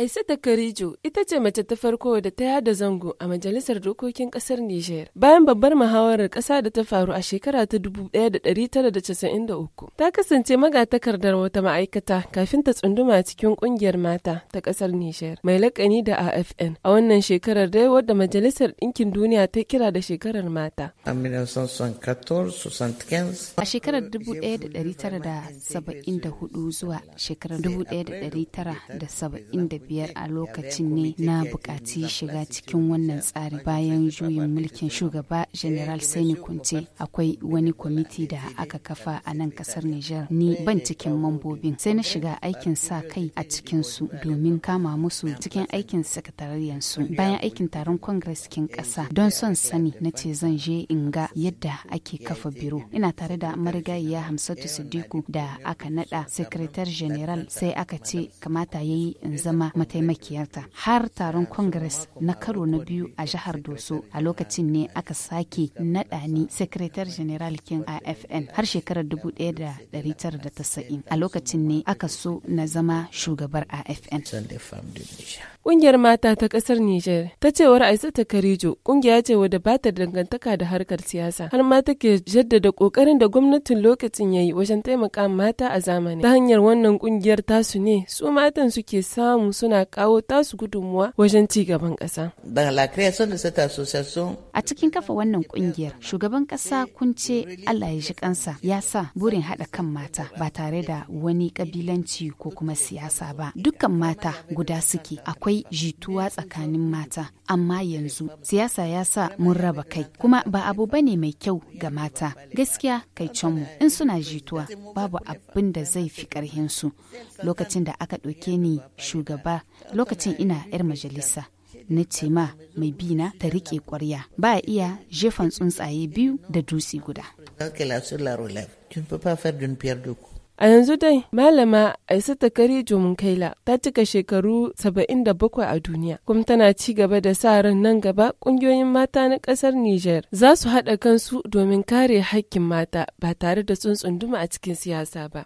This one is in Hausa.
Aisata Karijo ita ce mace ta farko da ta yada zango a Majalisar Dokokin Kasar Nijar bayan babbar muhawarar ƙasa da ta faru a shekara ta 1993. Ta kasance magatakardar wata ma'aikata kafin ta tsunduma cikin ƙungiyar mata ta ƙasar Nijar mai lakani da AFN a wannan shekarar dai wadda Majalisar Ɗinkin Duniya ta kira da shekarar mata. A shekarar 1974 zuwa shekarar 1975 biyar a lokacin ne na bukaci shiga cikin wannan tsari bayan juyin mulkin shugaba general sani kunce akwai wani kwamiti da aka kafa a nan kasar niger ni ban cikin mambobin sai na shiga aikin sa kai a cikin su domin kama musu cikin aikin sakatariyar su bayan aikin taron congress kin kasa don son sani na ce zan je in ga yadda ake kafa biro ina tare da marigayiya hamsatu sidiku da aka nada sekretar general sai aka ce kamata ya yi in zama mataimakiyarta har taron congress na karo na biyu a jihar doso a lokacin ne aka sake naɗa ni secretary general king afn har shekarar 1990 a lokacin ne aka so na zama shugabar afn Ƙungiyar mata ta ƙasar Nijar ta cewar ta Karijo ƙungiya ce wadda ba ta dangantaka da harkar siyasa har ma take jaddada ƙoƙarin da gwamnatin lokacin ya yi wajen taimaka mata a zamani ta hanyar wannan ƙungiyar tasu ne su matan suke samu suna suna kawo tasu gudunmuwa wajen ci gaban ƙasa. A cikin kafa wannan kungiyar shugaban ƙasa kunce Allah ya shi kansa ya sa burin haɗa kan mata ba tare da wani kabilanci ko kuma siyasa ba. Dukkan mata guda suke akwai jituwa tsakanin mata, amma yanzu siyasa ya sa mun raba kai kuma ba abu bane mai kyau ga mata. Gaskiya kai mu in suna jituwa babu abin da zai fi ƙarhinsu. Lokacin da aka ɗauke ni shugaba lokacin ina 'yar majalisa. na ce mai bina ta riƙe ƙwarya ba a iya jefan tsuntsaye biyu da dutse guda. A yanzu dai malama Aisata Karijo Munkaila ta cika shekaru 77 a duniya kuma tana ci gaba da sa ran nan gaba ƙungiyoyin mata na ƙasar Nijar? za su haɗa kansu domin kare haƙƙin mata ba tare da tsuntsun duma a cikin siyasa ba.